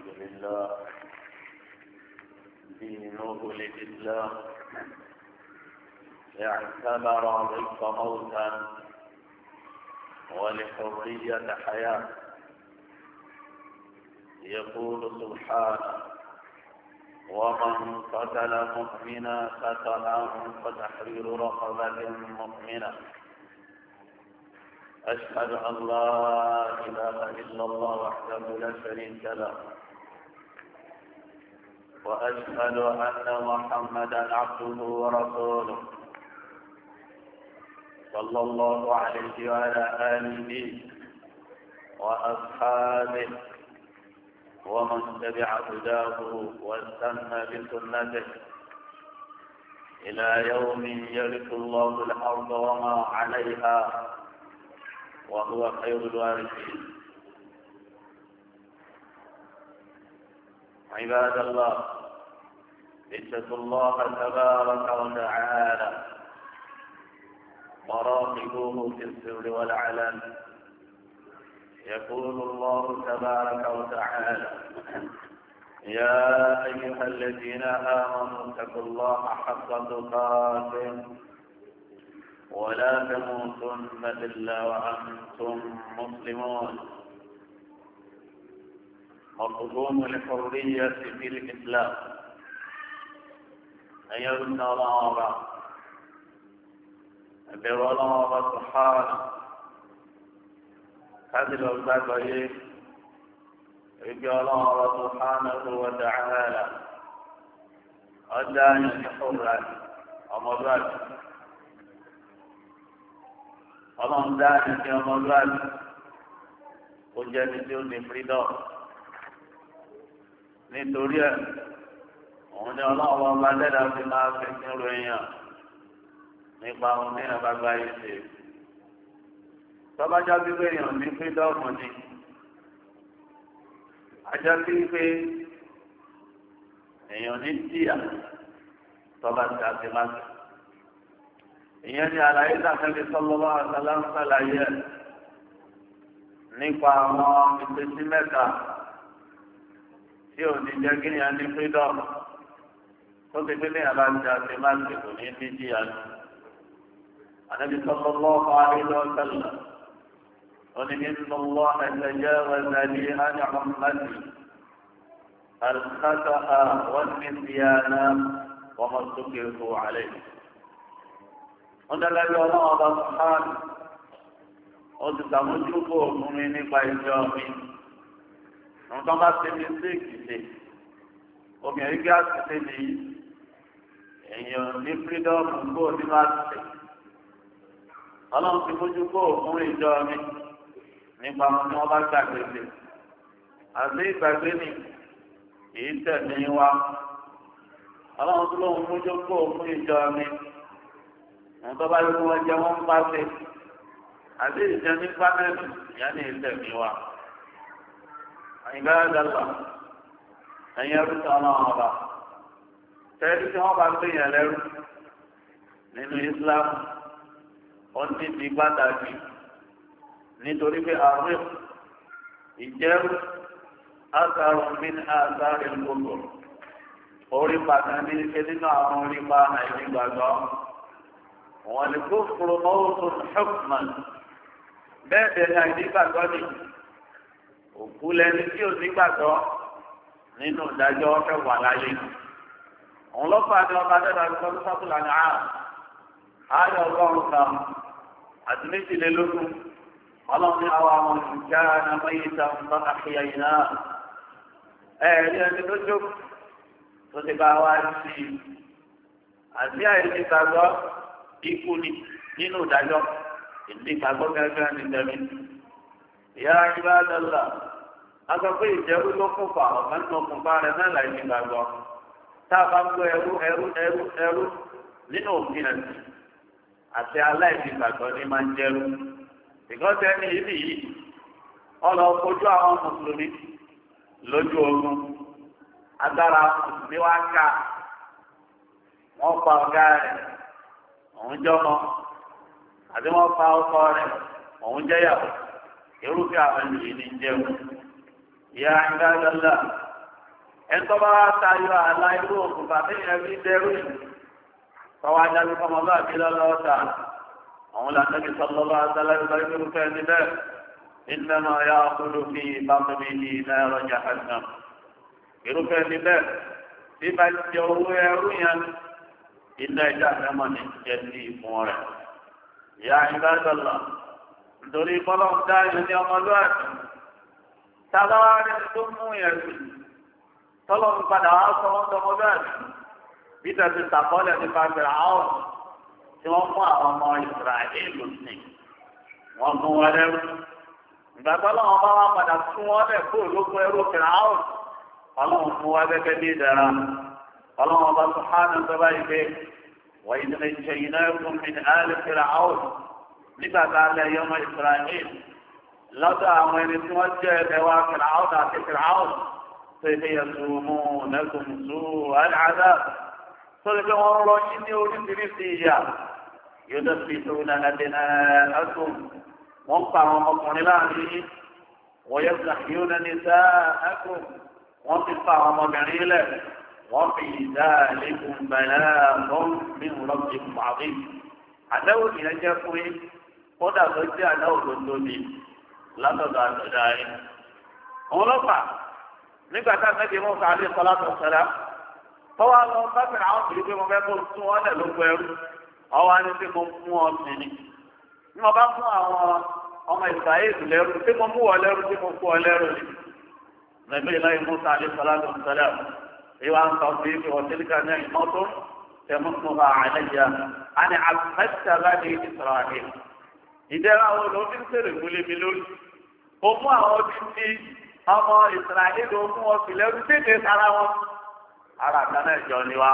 الحمد لله دينه لله اعتبر ضد موتا ولحرية حياة يقول سبحانه ومن قتل مؤمنا قتلاه فتحرير رقبة مؤمنة أشهد أن لا إله إلا الله وحده لا شريك له وأشهد أن محمدا عبده ورسوله صلى الله عليه وعلى آله وأصحابه ومن تبع هداه واستنى بسنته إلى يوم يرث الله الأرض وما عليها وهو خير الوارثين عباد الله اتقوا الله تبارك وتعالى وراقبوه في السر والعلن يقول الله تبارك وتعالى يا أيها الذين آمنوا اتقوا الله حق تقاته ولا تموتن إلا وأنتم مسلمون مفهوم الحرية في الإسلام أيضا نرى بولا سبحانه هذه الأوزاع يقول الله سبحانه وتعالى أدان حرا أمرات ọlọ́run dáa ní وجدت من ó nítorí ẹ̀ òun ni ọlọ́wọ́ ọba dẹ́dà fi máa fi nírò èèyàn nípa ohun tí èèyàn bá gba yìí ṣe. tọ́bajá pípé èèyàn ní fídọ́ọ̀mù ni ajá pípé èèyàn ní tíyà tọ́ba ti àti láti. ìyẹn ni àlàyé sàkẹ́lẹ́ sọ́lọ́wọ́ àtàlà ń sàlàyé ẹ̀ nípa àwọn ìpèsè mẹ́ta tí ò ní jẹ́ kíni àní freedom tó ti pé ní àbájá ṣe máa ń tètò ní fíjì àná. Ànábi sọ́kọ́ lọ́kọ́ àrílọ́ sẹ́lẹ̀. قل إن الله تجاوز لي عن عمتي الخطأ والنسيان وما استكرهوا عليه Ọdá lábẹ́ ọlọ́wọ́ bá sùn náà, ó ti sàmójúkò fún mi nípa ìjọ mi àwọn tó bá ṣe mistake ṣe obìnrin bí àṣìṣe nìyí èèyàn ní freedom gbó nínú àṣìṣe ọlọ́run ti mójú kó òun ìjọ mi nípa àwọn tí wọ́n bá gbàgbé ṣe àti ìgbàgbé ni èyí tẹ̀lé wa ọlọ́run tó lóun mójú kó òun ìjọ mi àwọn tó bá yẹ kó wọ́n jẹ wọ́n ń pàṣẹ àti ìjẹun ní pánẹ́lì ìyá ni ìtẹ̀lé wa ìbáradàlà ẹ̀yin ẹrú tí ọlọ́run ọba tẹ́lẹ̀ tí wọ́n bá gbé yẹn lẹ́rú nínú Islam ó ti di pàtàkì nítorí pé àrùn ìjẹ́rú àtàrùn mi ní àtàrùn gbogbo orí pàtàkì ní ṣe nínú àwọn orí pa àìní gbàgbọ́ wọn ni kó fúru mọ́wó tó ṣọ́kùnmọ́ bẹ́ẹ̀ bẹ́ẹ̀ ni àìní gbàgbọ́ nìyí. òkú lẹni tí ò nígbàgbọ́ nínú ìdájọ́ ọ̀fẹ́ wà láyé òun ló fà ọba dẹ́gbà tó ń sọ́kùlà ní àrùn ayọ̀ ọgọ́rùn kan àti méjìlélógún ọlọ́run ní àwọn ìjà anamọ́yé ta ń àfihàn yìí náà ẹni tó jókòó tó ti bá wa sí i àti àìsí ikú ni nínú ìdájọ́ ìdí gẹ́gẹ́ ní tẹ̀mí. agbapẹ ìjẹrú ló kún fà ọmọ nínú òkùnfà rẹ náà láì ní gbàgbọ́ tá a bá ń gbọ́ ẹrú ẹrú ẹrú ẹrú nínú òfin ẹsìn àti aláìsí gbàgbọ́ ní máa ń jẹrú ìgbọ́sẹ̀ ẹni ibi yìí ọlọ kojú àwọn mùsùlùmí lójú ogun agbára mùsùlùmí wá ká wọn pa ọgá rẹ òun jọmọ àti wọn pa ọkọ rẹ òun jẹyàwó irúfẹ́ àwọn ènìyàn ní jẹun ìyá ìdádọ́là ẹ̀tọ́ bá wá tayọ àlá irú òkú bàbá yẹn rí dẹrú yìí tọ́wọ́ ajá ló fọmọ bá àbí lọ́lọ́wọ́ ta àwọn làtẹ́bí sọ́lọ́ bá sálá ìgbà irú fẹ́ ní bẹ́ẹ̀ ìnáná ya ọkùnrin fi bàbá mi ní iná ẹ̀rọ jà hànà irúfẹ́ ní bẹ́ẹ̀ bí bá jẹ owó ẹrú yẹn iná ìjà àdámọ̀ ní jẹ́ ní ìfún rẹ̀ ìyá ìdádọ́là nítorí bọ́lọ́ ń dá ìlú ní ọmọlúwàbí tàbá wá rẹ̀ tó mú ẹ̀rù tọ́lọ́ ń padà wá sọ wọ́n tọmọ bẹ́ẹ̀ bí tẹ̀sí sàkọ́lẹ̀ nípa bẹ̀rẹ̀ àwọn tí wọ́n mú àwọn ọmọ ìsirahìlì sí wọ́n mú wọn lẹ́rú ìgbà tọ́lọ́ wọn bá wá padà tún wọn lẹ̀ kó olóko ẹrú bẹ̀rẹ̀ àwọn ọlọ́run mú wa gẹ́gẹ́ bí ìdára ọlọ́run ọba sọ̀hánà tó bá yìí pé wọ́n ìdílé ìṣẹ̀yìn náà kún mi ní lọ́dọ̀ àwọn ẹni tí wọ́n jẹ́ ẹ̀bẹ̀ wa fìràwọ́n àti fìràwọ́n tó ilé ẹ̀sùnmù nẹ́kùnsù aláàdá tó lè fi wọ́n rọ yín ní oríṣiríṣi ìyà yóò lọ sí ìṣòro náà dènà ẹ̀sùn wọ́n pa àwọn ọmọkùnrin láàrin wọ́n yẹ kí yóò lẹ́ni sá ẹ̀sùn wọ́n ti pa àwọn ọmọbìnrin lẹ̀ wọ́n fi ìdá ẹ̀lẹ́kùn bẹ̀rẹ̀ lọ́n mi rọ́ọ̀kì pàdé látọ̀dọ̀ àtọ̀dá yín. òun ló fà nígbà tá a fẹ́ di mú ká lè kọ́ látọ̀ sẹ́dá. tọ́wọ́ lọ bá bẹ̀rẹ̀ àwọn òbí pé mo fẹ́ kó tún wọn lẹ̀ ló gbọ́ ẹrú ọwọ́ ni pé mo fún ọ sí ni. bí mo bá fún àwọn ọmọ ìsàyèsì lẹ́rú pé mo mú wọ lẹ́rú pé mo fún ọ lẹ́rú ni. nàbí ìlà ìmú ká lè kọ́ látọ̀ sẹ́dá. ìwà ń sọ fún ibi ọ̀tẹ́líkà náà ìmọ́tò tẹmọtọba àwọn olóòtú ń sèrè gbólé mi lórí ó mú àwọn ọdún tí ọmọ ìsìláìlì ogún ọ̀sìn lẹ́rú tètè sára wọn. ara àtàlẹ́ ìjọ ni wa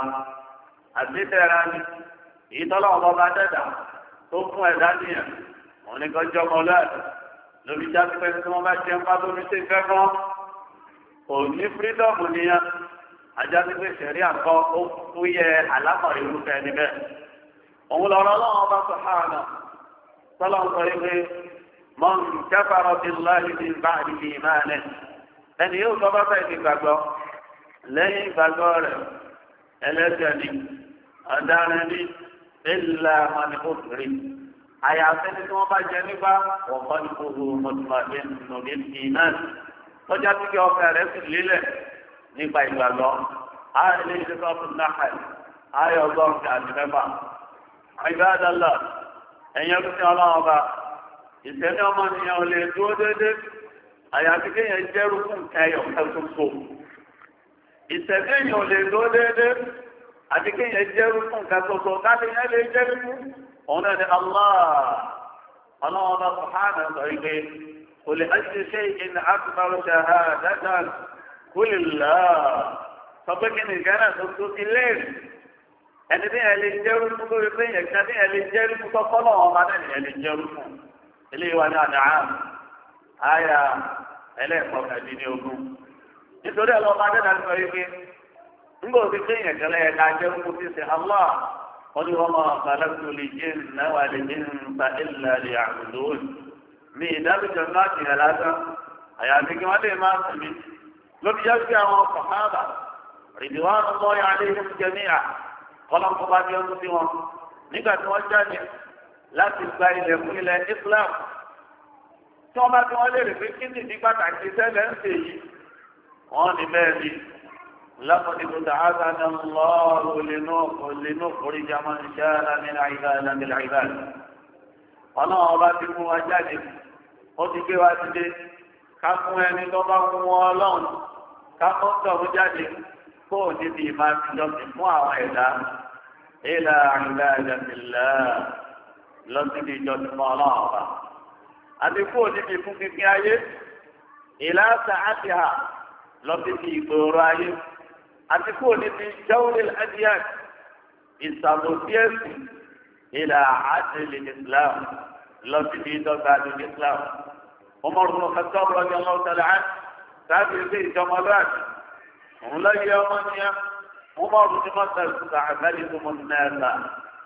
àtìtẹ́ra ni ìtọ́lọ́ ọmọ bá dẹ́dà tó fún ẹ̀dá nìyẹn òun ni kan jọ lórí jáde tí wọ́n bá jẹ́ ńpá tó ní sí fẹ́ fún kò ní nìyẹn àjáde sẹ̀rí àkọ́ ó fúyẹ́ àlámọ̀ irúfẹ́ níbẹ̀ òun lọ́rọ́ ọlọ́run ọba sọ̀hánà sọ́lọ́ من كفر بالله من بعد إيمانه أن يوضب فإن بقى لن بقى ألتني أدانني إلا من أكرم àyàfẹ́ni tí wọ́n bá jẹ nípa ọ̀pọ̀ ìkòkò mọ̀tìmọ̀tì nùbí ìmán tọ́jà tí kí ọkọ rẹ̀ sì lélẹ̀ nípa ìgbàgbọ́ ààrẹ ilé ìṣẹ́kọ̀ fún náà ààrẹ ọgọ́rùn-ún àti mẹ́fà ìgbà àdàlà ẹ̀yẹ́ kí ọlọ́run bá ìṣẹ̀lẹ̀ ọmọnìyàn ò lè dúró déédéé àyàfi kéèyàn jẹ́rú fún kẹyọ̀ kẹtùkù ìṣẹ̀lẹ̀ èèyàn ò lè dúró déédéé àti kéèyàn jẹ́rú fún kẹtùkù káàdì yẹn lè jẹ́rú fún òun náà ni Allah ọlọ́run ọba sùhánà sọ ẹni tí yẹn lè jẹ́rú fún lórí pé yẹn kọ́kọ́ náà ọmọ náà yẹn lè jẹ́rú fún. eléyìí wà ní àdá àyà ẹlẹ́ẹ̀kọ́kàndínlẹ́ ogún nítorí ndị dẹ́nà sọ yìí pé nígbà òfin kéèyàn kẹlẹ́ ẹ̀ka jẹ́ kó ti sẹ́ alá wọ́n ní wọ́n máa kàlẹ́kùn lè jẹ́ náwà lè nípa ìlà lè mi ìdábìjọ náà ti rẹ̀ lásán àyàfi kí wọ́n lè máa sinmi lóbi yá sí àwọn kọ̀hábà rìdíwá lọ́yà láti gba ilẹ̀ fún ilẹ̀ Islam tí wọ́n bá tí wọ́n léèrè pé kí nìdí pàtàkì sẹ́lẹ̀ ń ṣe yìí wọ́n ní bẹ́ẹ̀ ni lọ́kọ̀dé tó dáhàtà ní lọ́ọ̀rù lẹ́nu orí jama ń ṣe ara ní àìdá ìlànà àìdá ọ̀nà ọba ti mú wa jáde ó ti gbé wa ti dé ká fún ẹni tó bá mú wọn lọ́hùn ká fún tọ̀hún jáde kó o níbi ìmáa ti jọ sí fún àwọn ẹ̀dá ìlà àìdá ìlànà lọ síbi ìjọsìn ọlọ́run ọba àti kú òdìbí fún kíkín ayé ìlà sàáàtì hà lọ síbi ìgbòòrò ayé àti kú òdìbí jawlil adiyan ìsàmùsíẹ́sì ìlà àdìlì islam lọ síbi ìdọ́gba àdìlì islam Umar bin Khattab radiyallahu ta'ala anhu sáàbì ilé ìjọmọlúwàbí òun lọ yẹ ọmọ nìyẹn Umar bin Khattab sàbẹ̀lì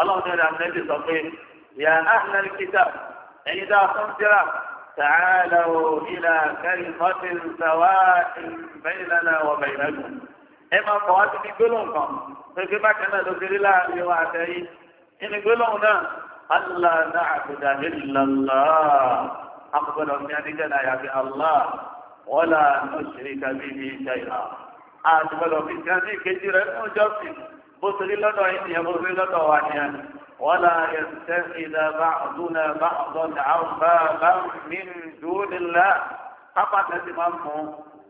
ọlọ́run ní àmẹ́lì sọ pé yà áhùnàlì kìtà ẹ̀yin dá fún síra tààlà ò ilà kẹrin mọ́tì sàwá ìbẹ́yìnlá wọ̀ bẹ̀yìnlá ẹ máa kọ̀ wá sí ní gbólóhùn kan pépé bákan náà ló kéré láàrin wa àtẹ̀yìn nínú gbólóhùn náà allah náà àbùdá ìlàlá àkùgbọ́dọ̀ ọ̀sìn adíjẹ́ náà yàgbé allah wọ́lá ní òṣèré kábíyì ṣe ìhà àtùgbọ́dọ̀ fi kí á ní ìkejì rẹ̀ fún ọjọ́ bó ṣe rí lọ́dọ̀ yìí nìyẹn bó ṣe rí lọ́dọ̀ wa ni wọ́n là yẹ sẹ́sì ìdá bá ọ̀dúnà bá ọ̀dọ́nà àwọn bá bá mi dúró nílá pápá tẹ́sí máa ń mú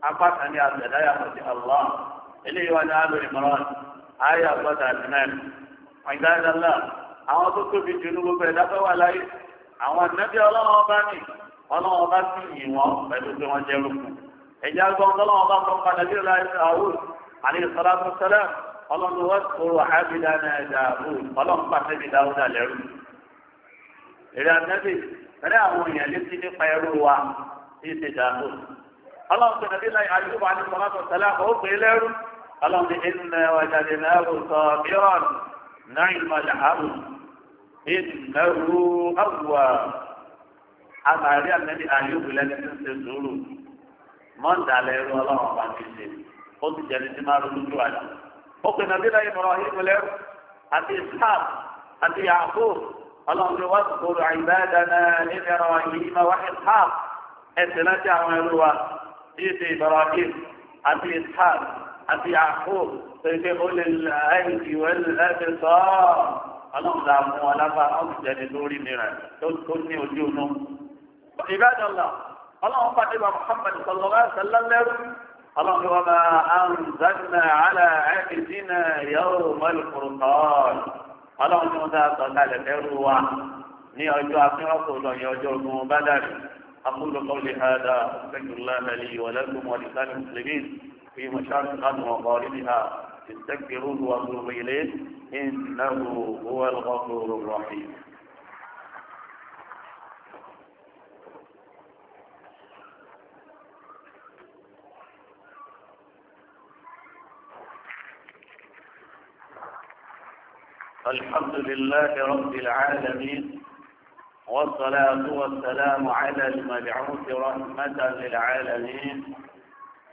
apá kan ní àtẹ̀dá yàtọ̀ sí Allah eléyìí wà ní àlọ́ ìmọ̀ràn ayé àgbàdo àtìmẹ́rin ìdájọ́lá àwọn tó tóbi jù ní gbogbo ẹ̀dá tó wà láyé àwọn ànábì ọlọ́wọ́n bá ní ọlọ́wọ́n bá sì yìn wọ́n pẹ̀lú pé wọ́n jẹ́ rúkú ẹ̀jẹ̀ àgbọ̀n ọlọ́wọ́n bá fọ́n padà bí ọlọ́wọ́n àwùjọ àlẹ́ ìsọ̀rọ̀ àtúnṣẹ́lẹ̀ ọlọ́run wọ́n kúrò ábídá náà dàbò ọlọ́run pàṣẹ mi dáwọ́dà lẹ́rù. èrè àtẹ́bí pẹ̀lú àwọn èèyàn létí nípa ẹrú wa ní ìṣe dàbò. ọlọ́run pẹ̀lú bí láyé àdúgbò àti sọ́lá sọ́lá ó pè é lẹ́rù. ọlọ́run ní ẹnìmọ̀ ọjà lè náà sọ mìíràn náà ìmọ̀ làárù. ìnáwó àwùwà àtàrí àtẹ́bí àyùbù lẹ́ni tó ń ṣe sùúrù. mọ́ńdà lẹ́rù ọlọ́run bá ṣe ó ti jẹ́ وقل نبينا إبراهيم لهم أنت إسحاق أنت يعقوب اللهم واذكر عبادنا إبراهيم وإسحاق أنت لا تعمل إيت إبراهيم أنت إسحاق أنت يعقوب سيد قل الأيد والأبصار اللهم لا مولى فأمجد لدور النار تذكرني وجوههم عباد الله اللهم صل على محمد صلى الله عليه وسلم اللهم وما أنزلنا على عبدنا يوم الفرقان اللهم وما صلى لفروا ني أجو أفرق الله يجو مبادر أقول قولي هذا أستغفر الله لي ولكم ولسان المسلمين في مشارقها ومغاربها استغفروه وأتوب إليه إنه هو الغفور الرحيم الحمد لله رب العالمين والصلاة والسلام على المبعوث رحمة للعالمين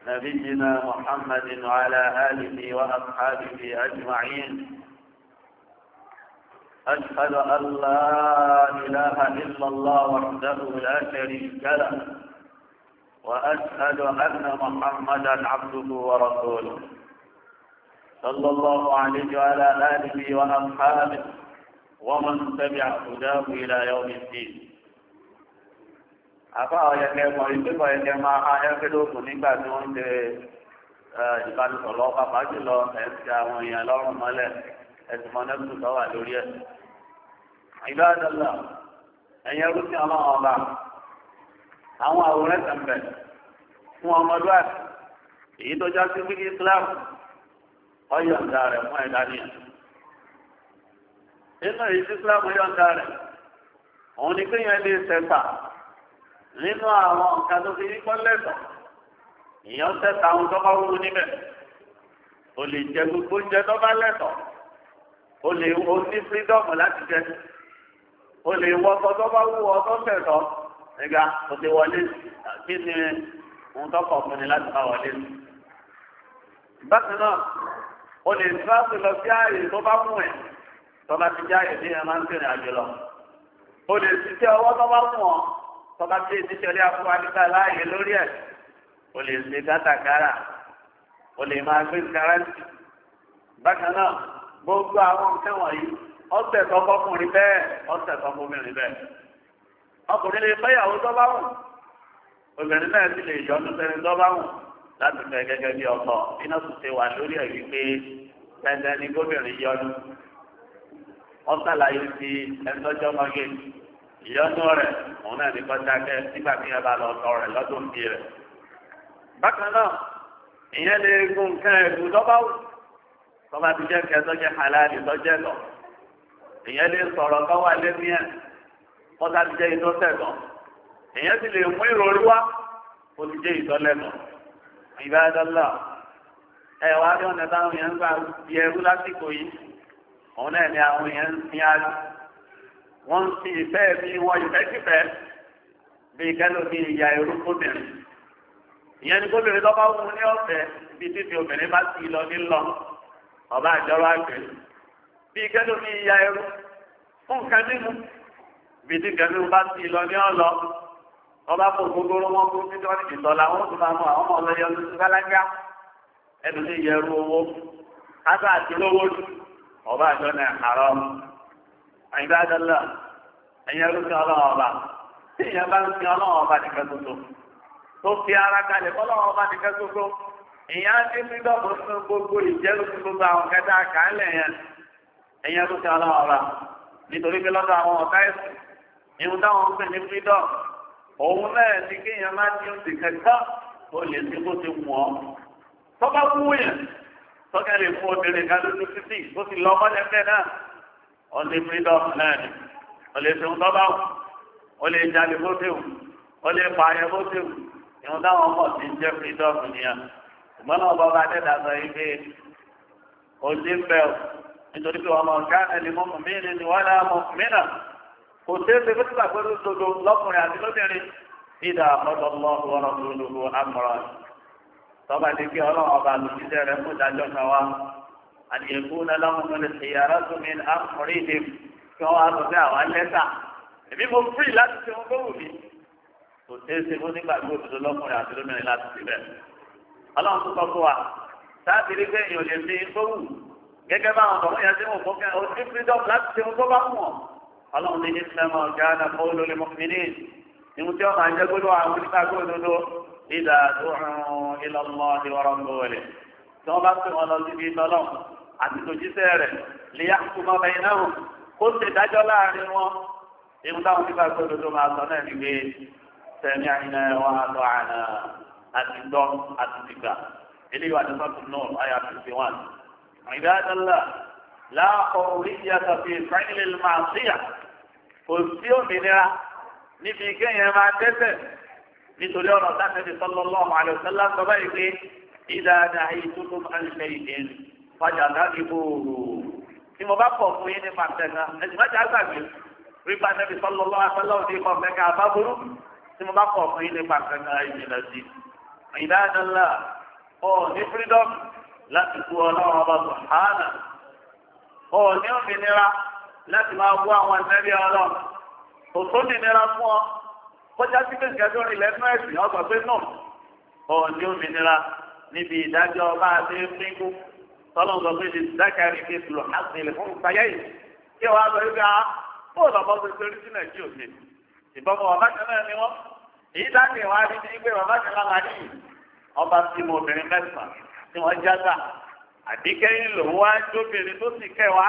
نبينا محمد وعلى آله وأصحابه أجمعين أشهد أن لا إله إلا الله وحده لا شريك له وأشهد أن محمدا عبده ورسوله صلى الله عليه وعلى آله وأصحابه ومن تبع هداه إلى يوم الدين àbá ọ̀yẹ̀ kẹ́kọ̀ọ́ ìgbébọ̀ ẹ̀kẹ́ máa ayẹ́fẹ́ lókun nígbà tí wọ́n ń ṣe ìbánisọ̀lọ́ pàpà jùlọ ẹ̀sìn àwọn èèyàn lọ́rùn mọ́lẹ̀ ẹ̀sìn mọ́nẹ́kùn tó wà lórí ẹ̀. ìgbà àdọ́là ẹ̀yẹ rúfin ọlọ́run ọba àwọn àwòrán tẹ̀m̀bẹ̀ fún ọmọdúnrún èyí tó já sí wíkí Islam ọyọ̀ǹda rẹ̀ fún ẹ̀dá ní ẹ̀. Nínú ìsí Islam yọ̀ǹda rẹ̀, òun ni pé yẹn lè sẹ́ta nínú àwọn nǹkan tó fi yíkọ́ lẹ́tọ̀. Ìyẹn sẹ́ta ohun tó bá wúwo níbẹ̀. O lè jẹ gbogbo oúnjẹ tó bá lẹ́tọ̀. O lè o ní fírídọ̀mù láti jẹ. O lè wọ ọkọ tó bá wúwo ọtọ́ tẹ̀tọ̀. Nígbà o ti wọlé kí ni ohun tó kọ̀ fún ni láti bá wọlé. Bákan náà o lè tíráàtì lọ sí ààyè tó bá mú ẹ̀ tọ́ba ti já èdè yẹn máa ń tẹ̀lé àjò lọ. o lè ṣiṣẹ́ ọwọ́ tó bá mú ọ tọ́ba ti ṣiṣẹ́ orí afúnwáníkà láàyè lórí ẹ̀ o lè ṣe kátàkárà o lè máa gbé kárẹ́ǹtì. bákan náà gbogbo àwọn nǹkan wọ̀nyí ọ̀sẹ̀ tọkọkùnrin bẹ́ẹ̀ ọ̀sẹ̀ tọkọkùnrin bẹ́ẹ̀. ọkùnrin lè fẹ́yàwó tó bá wù obìnrin náà sì lè yọ láti fẹ́ gẹ́gẹ́ bí ọkọ iná tún ṣe wà lórí ẹ̀ wípé dandan ni gómìnrin yọnu wọ́n sàlàyé sí ẹ̀ńtọ́jọ́ mọ́gé ìyọnu rẹ̀ òun náà ní kọjá kẹ́ nígbà tí ẹ bá lọ sọ rẹ̀ lọ́dún bí rẹ̀. bákan náà ìyẹn lè gun nǹkan ẹ̀gùn lọ́bá wù tọ́ba ti jẹ́ kẹ́ tọ́jẹ́ halali tọ́jẹ́ lọ ìyẹn lè sọ̀rọ̀ kọ́ wà lẹ́mí ẹ̀ kọ́ta ti jẹ́ ìtọ́sẹ̀ lọ ìyẹn ti lè mú ìròrí wá ó ti jẹ́ ìtọ́lẹ́nu ìbádọ́lá ẹ̀wà bí ọ̀nà táwọn èèyàn ń gbà bí ẹrú lásìkò yìí òun náà ni àwọn èèyàn ń sin àlù wọ́n ń fi ìfẹ́ bí wọ́n ìfẹ́kìfẹ́ bí kẹ́lò bí ìyá ẹrú kóbìnrin ìyẹn ni kóbìnrin lọ́ba wù ní ọ̀fẹ́ bí títí obìnrin bá ti lọ nílọ ọba àjọrọ àgbẹ̀ bí kẹ́lò bí ìyá ẹrú fún kẹ́lìmù bí títí kẹ́lìmù bá ti lọ ní ọ̀lọ́ ọba kò gbogbo wọn kó títí wọn ti sọlá wọn tó máa mú àwọn ọmọ ọlọyọ ló ti kálájá ẹnu lè yẹ ẹrú owó ásà àti lówó lù ọba àjọ náà àrọ àyíká dọlà ẹyẹ ló fi ọlọ́run ọba tí ìyẹn bá ń fi ọlọ́run ọba nìkan tuntun tó fi ara kalẹ̀ fọlọ́run ọba nìkan tuntun ìyẹn á ti fi dọ́gbọ̀ fún gbogbo ìjẹ́rú fún gbogbo àwọn kẹta àkàálẹ̀ yẹn ẹyẹ ló fi ọlọ́run nítorí pé lọ́dọ̀ àwọn ọ̀tá ẹ̀sìn ìhun táwọn ń pè ní freedom òun náà ní kéèyàn má ti ń sìnkẹ́ ká ó lè ti kó ti wọ̀ ọ́ tọ́ba wúyàn tọ́ka lè fún obìnrin kan lójú títì ó sì lọ ọmọdé bẹ́ẹ̀ náà ó lè fi dọ́ọ̀mù náà ni ó lè fi ń tọ́ba wù ó lè jalè bó ti wù ó lè pààyàn bó ti wù ìwọ̀n táwọn ọmọ ti ń jẹ́ fi dọ́ọ̀mù nìyẹn ṣùgbọ́n náà bọ́ba adẹ́dà sọ yìí pé ó ti ń bẹ̀ nítorí pé ọmọ ká ẹni mọ́mọ́ kò ṣeé ṣe fún ìgbàgbọ́ lódodo lọ́kùnrin àti lóbìnrin ìdá ọ̀dọ̀ lọ́wọ́ ọ̀rọ̀ lódodo amọ̀rọ̀ tọ́ba ti kí ọlọ́run ọba àlùfíṣẹ́ rẹ̀ fún ìdájọ́ kan wá àdìyẹ̀kú lọ́wọ́ mọ́lẹ̀ ìyàrá tómi àkùnrin ìdè kí wọ́n wá sọ pé àwa lẹ́tà èmi mo fírì láti ṣe wọn gbówù mi kò ṣe fún ìgbàgbọ́ òdodo lọ́kùnrin àti lóbìnrin láti ṣe bẹ́ẹ̀ ọlọ́run tó kọ́ fún wa sáàbìrì ọlọ́run ní ìsìlámù ọ̀gá náà kọ́ olólè mọ́kìnínì ìmú tí wọ́n máa ń jẹ́ gbọ́dọ̀ àwọn onígbà gbọ́dọ̀ ìdá tó rún ìlọ́mọ ìwọ́rọ̀ ń gbọ́wọ́lẹ̀ tí wọ́n bá pè wọn lọ síbi ìtọ́lọ́m àti tòjíṣẹ́ rẹ̀ lè yá kó máa bẹ̀yìn náà kó ṣe dájọ́ láàrin wọn ìmú táwọn onígbà gbọ́dọ̀ máa sọ náà nígbè sẹ́mi àyìnà wọn àtọ̀ àná àti gbọ́ àti tìgbà eléyìí wà ní sọ́tún náà àyà fifty one ìdá kò sí òmìnira níbi kéèyàn máa dẹ́sẹ̀ nítorí ọ̀rọ̀ sáfẹ́bí sallallahu alaihi wasallam sọ báyìí pé ìdáadá ìtúkú àlùfẹ́ ìdẹ́nu ọjà láti bòòrò. tí mo bá pọ̀ fún yín ní pàtẹ́ka ẹ̀sìn mẹ́ta gbàgbé rí pàtẹ́bí sallallahu alaihi wasallam ní pàtẹ́ka àbábúrú tí mo bá pọ̀ fún yín ní pàtẹ́ka ìjìnlẹ̀ sí. ìdáadá ńlá ọ̀ ní freedom láti kú ọlọ́run ọba sọ̀hánà ọ̀ ní òmìnira láti máa wú àwọn ẹ̀mẹ́rí ọlọ́run òtó nìnira fún ọ kọjá sí pé nǹkan tó rìn lẹ́nu ẹ̀sìn ọgbà pé nù ọ̀hún ní òmìnira níbi ìdájọ́ ọba àti pínkù tọ́lọ́ sọ pé ìdákàrí kí ètò àtìlẹ̀ fún ìpayá yìí kí wàá sọ wípé a ah, bóò lọ́bọ́ tó torí sí nàìjíríà òkè ìbọn bọ̀ bàbá kan náà ni wọ́n èyí dákì wá rí ní pé bàbá kan náà ní ọba tí mo obìnrin mẹ́sàn-án tí wọ́n jágà àbíkẹ́yìn lòun wá jóbìnrin tó sì kẹwàá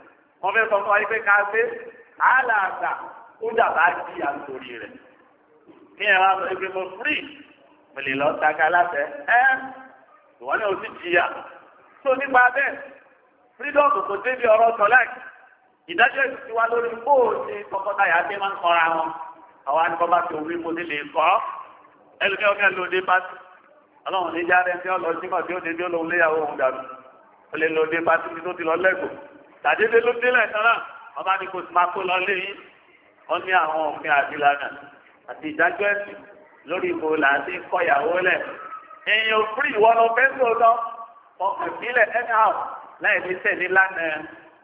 wọ́n fẹ́ sọ fún wa yìí pé ká gbé àlàáta ó dàbá di àtòrí rẹ̀ kí ẹ máa sọ pé mo firi mo lè lọ taka láfẹ ẹ ìwọ ni o ti jìyà tó nípa bẹ́ẹ̀ freedom kò débi ọ̀rọ̀ sọlẹk ìdájọ́ ìsìnkú wa lórí bóòsì tọkọtaya tí máa ń kọra wọn àwọn anìkọba tó wí mo ti lè kọ ẹlòmíràn kẹ lóde pátì Ọlọ́run níjà rẹ tí ó lọ sí mọ tí ó débi ó lòun léyàwó òun dàbí ó lè lóde pátì tí tó ti lọ lẹkọọ tàdédé ló délẹ̀ sára ọba ní kò sì máa kó lọ lé yín wọ́n ní àwọn òfin àdìlànà àti ìdájọ́ ẹ̀sìn lórí ìbò làásì kọyàwó lẹ̀ èèyàn fúri ìwọ lọ fẹ́ sọ lọ ọkàn ìbílẹ̀ ẹ̀ka láì ní tẹ̀lé lánàá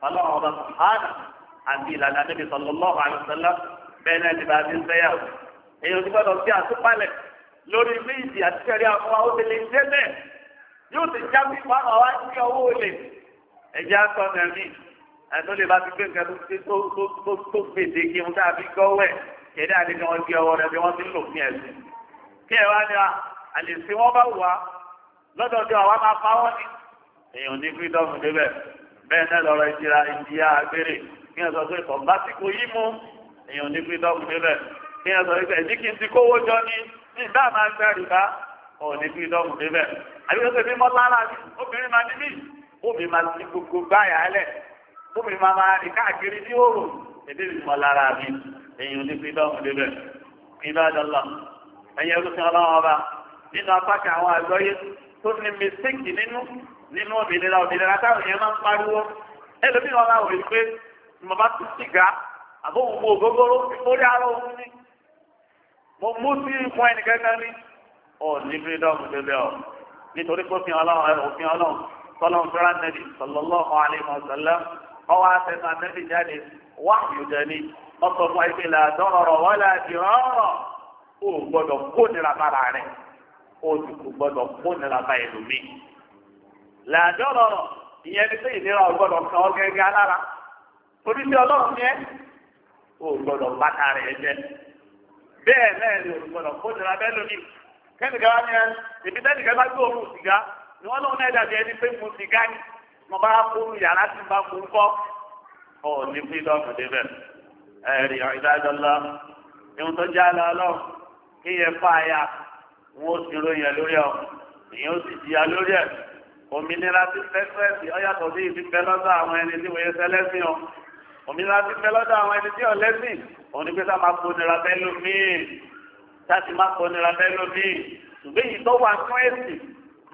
ọlọ́run ọba sùhánà àti ìlànà níbi sọlọ́lọ́ọ̀ àlùsọ́lá bẹ́ẹ̀ náà ti bá ti ń fẹ́yàwó èèyàn ti gbọ́dọ̀ sí àtúpalẹ̀ lórí méjì àti kẹrì àwọn àwọn obìnrin bẹ́ẹ̀ yóò ti já ẹjẹ́ akọ mẹ́mí ẹ̀tọ́ lè bá ti gbé nǹkan tó gbèdé kí wọ́n tàbí gọ́wẹ̀ kẹ́dẹ́ àdéhùn wọn di ọwọ́ rẹ̀ bí wọ́n ti ń lò fún ẹ̀sìn. kí ẹ wá ní a àlè sí wọn bá wà lọ́dọ̀ tí àwa máa pa wọ́n ní. èèyàn ní freedom débẹ̀ bẹ́ẹ̀ náà lọ́rọ̀ ìjìra ìjìyà agbére kí ẹ sọ pé kọ̀ bá ti kò yí mú èèyàn ní freedom débẹ̀ kí ẹ sọ pé ẹ̀jí kí n ti kówó jọ ní ní ìdá máa gbẹ̀rù ká ọ̀ ní freedom débẹ̀ àbí ó ṣe mímọ́ lára obìnrin máa ní mí bómi máa ti gbogbo gbáyà lẹ̀ bómi máa máa rìn káàkiri ní òòrò èdè ìmọ̀ lára mi èyàn ní fi lọ́mù débẹ̀ ìlú àdọ́lọ́ ẹ̀yẹ olùsìn ọlọ́wọ́n ọba nínú apákan àwọn àgbọ́yé tó ní mistake nínú nínú òmìnira òmìnira táwọn yẹn máa ń pariwo ẹlòmíì wọn máa wò ó pé màmá tó sìgá àbó òun wo ògógóró mórí ara òun ni mo mú sí fún ẹnì kẹ́kẹ́ ní ọ̀ ní fi lọ́mù débẹ̀ ọ̀ nítorí pé òfin ọlọ́run tọ́lọ́ fúnra nẹ́bí sallallahu alaihi wasallam ọwọ́ àtẹ̀sán nẹ́bí jáde wá yòdẹ́ni ọ̀sọ̀ fún ẹgbẹ́ là dọ́rọ̀rọ̀ wọ́n là di rọ́rọ̀ o gbọ́dọ̀ kó nira bára rẹ̀ o sì kò gbọ́dọ̀ kó nira bá ẹlòmíì là dọ́rọ̀rọ̀ ìyẹn ní sẹ́yìn nira o gbọ́dọ̀ kàn ọ́ gẹ́gẹ́ alára oníṣẹ Ọlọ́run yẹn o gbọ́dọ̀ bàtà rẹ̀ jẹ bẹ́ẹ̀ náà ni o gbọ́dọ̀ kó nira bẹ́ẹ̀ lómi kẹ́nìkan wá ní ẹ ìbí tẹ́nìkan bá gbé òórùn sìgá ni wọ́n lóun náà dàbí ẹni pé mo sì ká ni mo bá kóru yàrá tí mo bá kóru kọ́ ọ ní fídọ́ọ̀mù débẹ̀ ẹ̀rì ìdájọ́lá ìhun tó já lọ ọlọ́run kí yẹn fà ya wọn ó sì ròyìn lórí ọ ìyẹn ó sì jìyà lórí ẹ òmìnira ti fẹ́fẹ́sì ọ̀yàtọ̀ sí ìfipẹ́ lọ́dọ̀ àwọn ẹni tí wọ́n yẹ sẹ́lẹ́sìn ọ òmìnira ti fẹ́ lọ́dọ̀ àwọn ẹni tí ọ̀lẹ́sìn òun ni pé sá máa ponira bẹ́ẹ̀ lómi sáà ti máa ponira bẹ́ẹ̀ lómi ṣùgbọ́n èyí tó ẹ̀sìn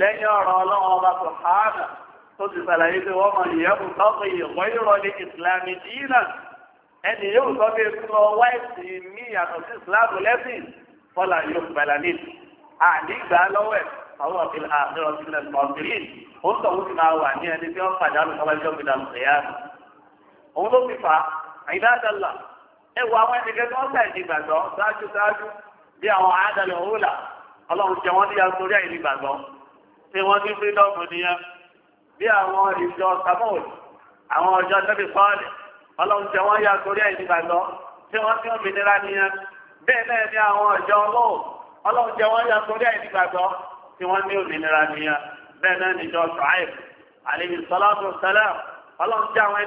lẹ́yìn ọ̀rọ̀ ọlọ́run ọba tó hánà tó ti sàlàyé pé wọ́n mọ̀ ìyẹ́bù tọ́kì ìwọ́ ìrọ̀lẹ́ ìsìlámì dínà ẹni yóò sọ pé kí lọ wá ìsìn mí yàtọ̀ sí ìsìlámù lẹ́sìn fọlá yóò gbàlà ní àdìgbà lọ́wọ́ àwọn ọ̀fìn àbẹ̀rẹ̀ ọ̀sìn ẹ̀ kọ̀ọ̀tìrì ó ń tọ̀wọ́ sí máa wà ní ẹni tí wọ́n ń sà ìdìgbàgbọ́ ọlọ́run jẹ wọ́n níyà sórí àìdìgbàgbọ́ tí wọ́n ní freedom nìyẹn bí àwọn ìjọ samuel àwọn ọjọ́ tẹ́bí pọ́ọ̀lì ọlọ́run tẹ wọ́n ya torí ẹ̀yìn gbàgbọ́ tí wọ́n ní òmìnira nìyẹn bẹ́ẹ̀ bẹ́ẹ̀ ni àwọn ọjọ́ ọlọ́run ọlọ́run tẹ wọ́n ya torí ẹ̀yìn gbàgbọ́ tí wọ́n ní òmìnira nìyẹn bẹ́ẹ̀ náà níjọ sàáìf àlejò sọlọ́tò sẹlẹ̀ ọlọ́run tẹ àwọn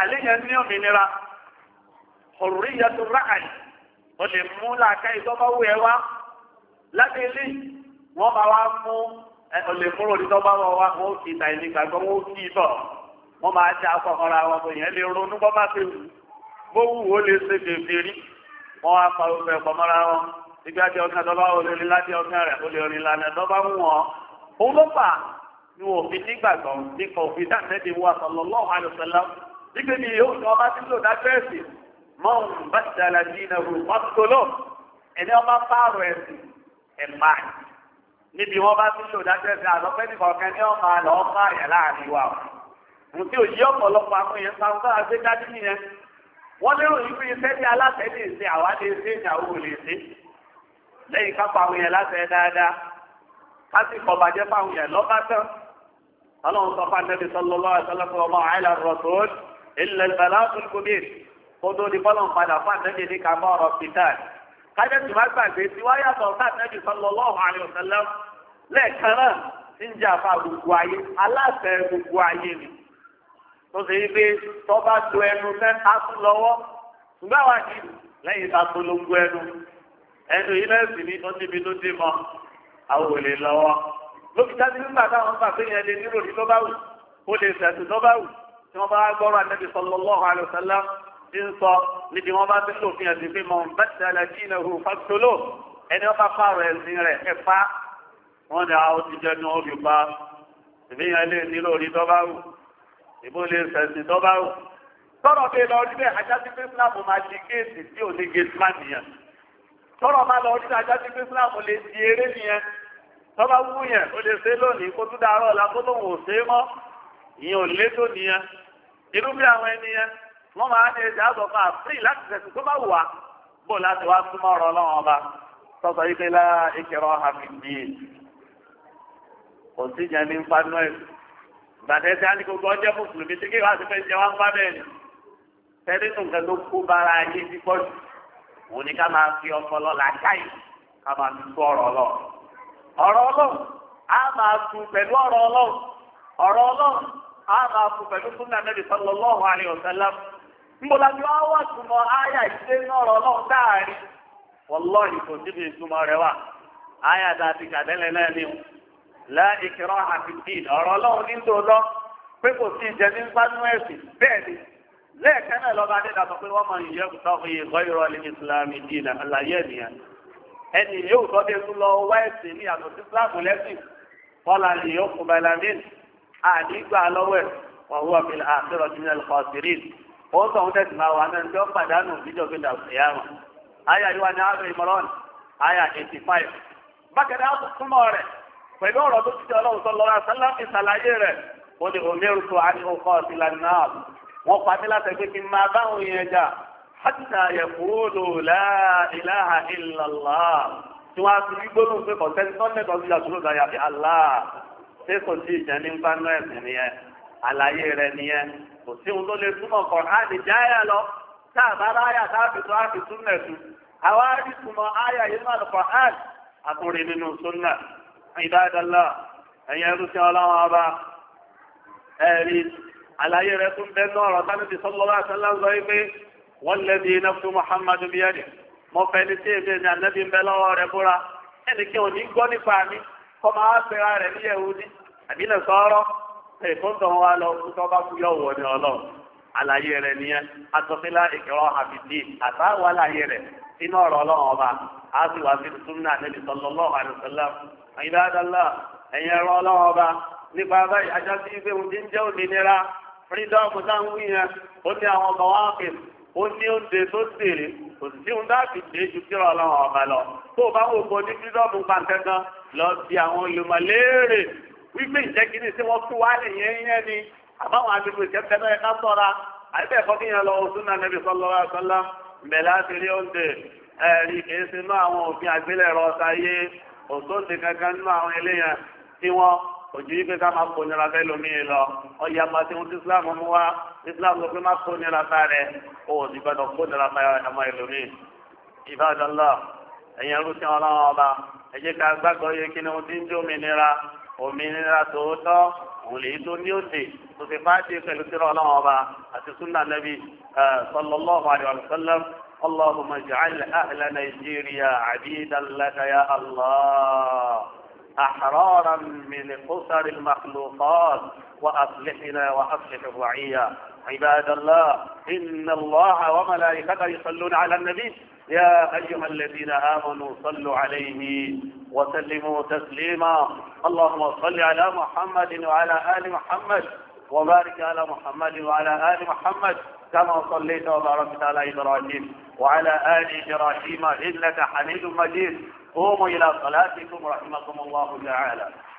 ènìyàn náà ní ọ̀rùyà tó ráàyè o lè mú làákà ìtọ́ba wù ẹ wá láti ilé wọ́n bá wá mú o lè mú lòdì tọ́ba wọ wá wọ́n kì í ta ìlú gbàgbọ́ wọ́n kì í bọ̀ wọ́n máa ṣe akọ̀kọ̀ra wọn kò yẹn lè ronú bọ́ bá ṣe wù bó wù ó lè ṣe bèbèrè wọ́n wá pa òfin ẹ̀kọ́ mọ́ra wọn ìgbà tí ọkàn tọ́ba wọ lórí láti ọkàn rẹ̀ ó lè rìn lànà tọ́ba wù wọn òun ló ni wọ́n nígbàgbọ́ nípa òfin dáńtẹ́ mọ́n bá dàlà dínà rú ọ́tọ́lọ́ ẹni ọba pààrọ̀ ẹ̀sìn ẹ̀mà níbi wọn bá tún ṣòdájọ́ ẹ̀sìn àlọ́pẹ́ nìkọ̀ọ̀kan ní ọmọ àlọ́ pààyà láàrin wa mo ti òyí ọ̀pọ̀lọpọ̀ àwọn èèyàn pa nǹkan àti dájú nìyẹn wọ́n lérò yìí fún iṣẹ́ tí aláṣẹ lè ṣe àwa lè ṣe ìyàwó ò lè ṣe lẹ́yìn ká pa àwọn èèyàn láṣẹ ọlọ́run sọ fún anábì sọlọ́lọ́ àtàlọ́kọ̀ ọmọ àìlà rọ̀tọ́ọ̀lù ilẹ̀ ìbàlá tó ń kó kótó ní fọlọ́n padà fún àtẹ́jẹ́ ní kàmá ọ̀rọ̀ pitán kájẹ́tì má gbàgbé tí wáyà sọ fún àtẹ́jẹ́ sallallahu alaihi wasallam lẹ́ẹ̀kan náà ti ń jẹ́ àfa gbogbo ayé aláṣẹ gbogbo ayé ni tó ṣe yí pé tọ́ba do ẹnu mẹ́ta tún lọ́wọ́ ṣùgbọ́n àwọn àti lẹ́yìn tá a tó lóńgbó ẹnu ẹnu yìí lẹ́sì ni ó níbi ló dé mọ́ àwọn ò lè lọ́wọ́ lókítà tí nígbà táwọn gbà pé yẹn lè nírò ní lọ́bàwù ó lè sẹ̀tù lọ́bàwù tí wọ́n bá gbọ́rọ̀ àtẹ́bí sallallahu alaihi wasallam ti ń sọ níbi wọn bá ti sòfin ẹ̀sìn pé mọ̀ bẹ́tẹ̀ ẹlẹ́dínlẹ̀ hù fàtólò ẹni wọn bá pààrọ̀ ẹ̀sìn rẹ̀ ẹ̀fá wọn ni àwọn ti jẹnu obì pa ìbíyàn lè nílò orí dọ́bà wù ìbò lè sẹ̀sìn dọ́bà wù. tọrọ bẹ lọ rí bẹ́ẹ̀ ajá sí pé Islam máa di géètì tí ò ní géètì má nìyẹn tọrọ máa lọ rí ajá sí pé Islam lè di eré nìyẹn tọ́ba wú yẹn ó lè ṣe lónìí kó tún dárọ̀ ọ̀la kó lóun ò ṣe mọ́ ìyẹn ò létò nìyẹn irú bí àwọn ẹni yẹn wọ́n máa ní ẹ̀jẹ̀ àbọ̀ fún láti tẹ̀sùn tó bá wà bó láti wá súnmọ́ ọ̀rọ̀ ọba pé lá ìkẹrọ kò sí jẹ́ ní tí a ní gbogbo ọjọ́ ti fẹ́ jẹ́ wá ń bá bẹ́ẹ̀ ni tẹ́lẹ̀ tó nǹkan tó kó bára ayé ti pọ̀ jù òun ni ká máa fi ọpọlọ làákàyè ká máa fi tú ọ̀rọ̀ ọlọ́run ọ̀rọ̀ ọlọ́run á máa tu pẹ̀lú ọ̀rọ̀ ọlọ́run ọ̀rọ̀ Mbola ni wọ́n wà túmọ̀ áyà ìṣe nọ̀rọ̀ náà dáàrin. Wọ́lọ́ọ̀nì kò síbi ìtumọ̀ rẹ̀ wà. Áyà dáa ti kàdẹ́lẹ̀ náà ni o. Láìkìrọ̀ àfìdí ọ̀rọ̀ ọlọ́run ní tòótọ́ pé kò sí ìjẹni gbánú ẹ̀sìn bẹ́ẹ̀ ni. Lẹ́ẹ̀kẹ́ náà lọ́ba Adéda sọ pé wọ́n mọ ìyẹ́ kùtọ́ fún iye gọ́yọ̀rọ̀ ní Ìsìlámì dìínà àlàyé ènìyàn. Ẹni yóò ó sọ ohun tẹ̀sí máa wà náà tí ó pàdánù níjọ́ gbé dàgbéyà wọn. àyà yìí wà ní ààrẹ ìmọ̀ràn àyà eighty five. bákẹ́rẹ́ á túmọ̀ rẹ̀ pẹ̀lú ọ̀rọ̀ tó ti di ọlọ́run sọ lọ́ra sálá ìsàlàyé rẹ̀ ó ní omérùtò àníkókò ìlà náà wọ́n pa mí láti pé kí n máa báwọn yẹn jà hàtìsà yẹ̀kúrò la ilaha illallah tí wọ́n á fi gbígbóná pé kọ̀ọ̀tẹ́ni tọ́lẹ̀ tọ́lẹ̀ àtúrò Allah ṣé kò sí ìjẹ́ ní ń àlàyé rẹ̀ nìyẹn kò sí ohun tó lè túmọ̀ kọ̀ á lè já ẹ̀yà lọ tá a bá ráyà tá a fi tó a fi tún nẹ̀ tún àwa á rí túmọ̀ áyà yìí má lọ kọ̀ á nínú sunna ìdádàlá ẹ̀yìn ẹrú sí ọlọ́run ọba ẹ̀rí àlàyé rẹ̀ tún bẹ́ẹ̀ náà ọ̀rọ̀ tánìtì sọ́lọ́lá àtàlá ń sọ wípé wọ́n lẹ́bi iná fún muhammadu biyadi mo fẹ́ ní tí èmi ní ànábì ń bẹ lọ́wọ́ rẹ̀ búra ẹnì kí òní gbọ́ nípa mi kọ́ máa fẹ́ra rẹ̀ ní yẹ̀wù ní àbí lè sọ̀rọ̀ ẹ̀kọ́ tó ń wá lọ tó bá kú yọ̀wọ̀ ni ọlọ́run àlàyé rẹ̀ nìyẹn atọ́sílá ìkẹ́rọ̀ àfìdí àtàwọn àlàyé rẹ̀ sínú ọ̀rọ̀ ọlọ́run ọba á sì wá sí súnmọ́ àdébí sallallahu alaihi wasallam ìdádálà ẹ̀yìn ẹ̀rọ ọlọ́run ọba nípa báyìí ajá sí ife òun ti ń jẹ́ òmìnira fírídọ́ọ̀mù táwọn wí yẹn ó ní àwọn ọmọ wa ó ní oúnjẹ tó wípé ìjẹ́kínní tí wọ́n tú wá lè yẹn yẹn ni àbáwọn àdúgbò ìkẹ́kẹ́ náà ká sọ́ra àìbẹ̀ ẹ̀kọ́ kí yẹn lọ ọdún náà nẹ́bí sọ́lọ́ àṣọlá mẹ́lá ti rí oúnjẹ ẹ̀rí kìí ṣe náà àwọn òfin àgbélẹ̀rọ sáyé òṣòṣì kankan nínú àwọn eléyàn tí wọ́n òjò yìí pé ká máa kó nira bẹ́ẹ̀ lómi lọ ọ̀yà máa ti ń tí Islam mú wá Islam ló pé má kó nira bá rẹ̀ ó sì gbọdọ̀ kó nira bá ẹ̀mọ́ ìlómi ìbádọ́lá ẹ̀yìn ẹrú ọlọ́run ọba ẹ̀jẹ̀ ká gbàgbọ́ yẹ kí ni ohun tí ń jó mi nira òmìnira tòótọ́ òun èyí tó ní òde tó fi bá dé pẹ̀lú tírà ọlọ́run ọba àti súnà nàbí sallallahu alaihi wa sallam allahumma ij'al ahla nàìjíríà abidan laka ya allah ahraran min qusar al-makhluqat واصلحنا واصلح الرعيه عباد الله ان الله وملائكته يصلون على النبي يا أيها الذين آمنوا صلوا عليه وسلموا تسليما اللهم صل على محمد وعلى آل محمد وبارك على محمد وعلى آل محمد كما صليت وباركت على إبراهيم وعلى آل إبراهيم إنك حميد مجيد قوموا إلى صلاتكم رحمكم الله تعالى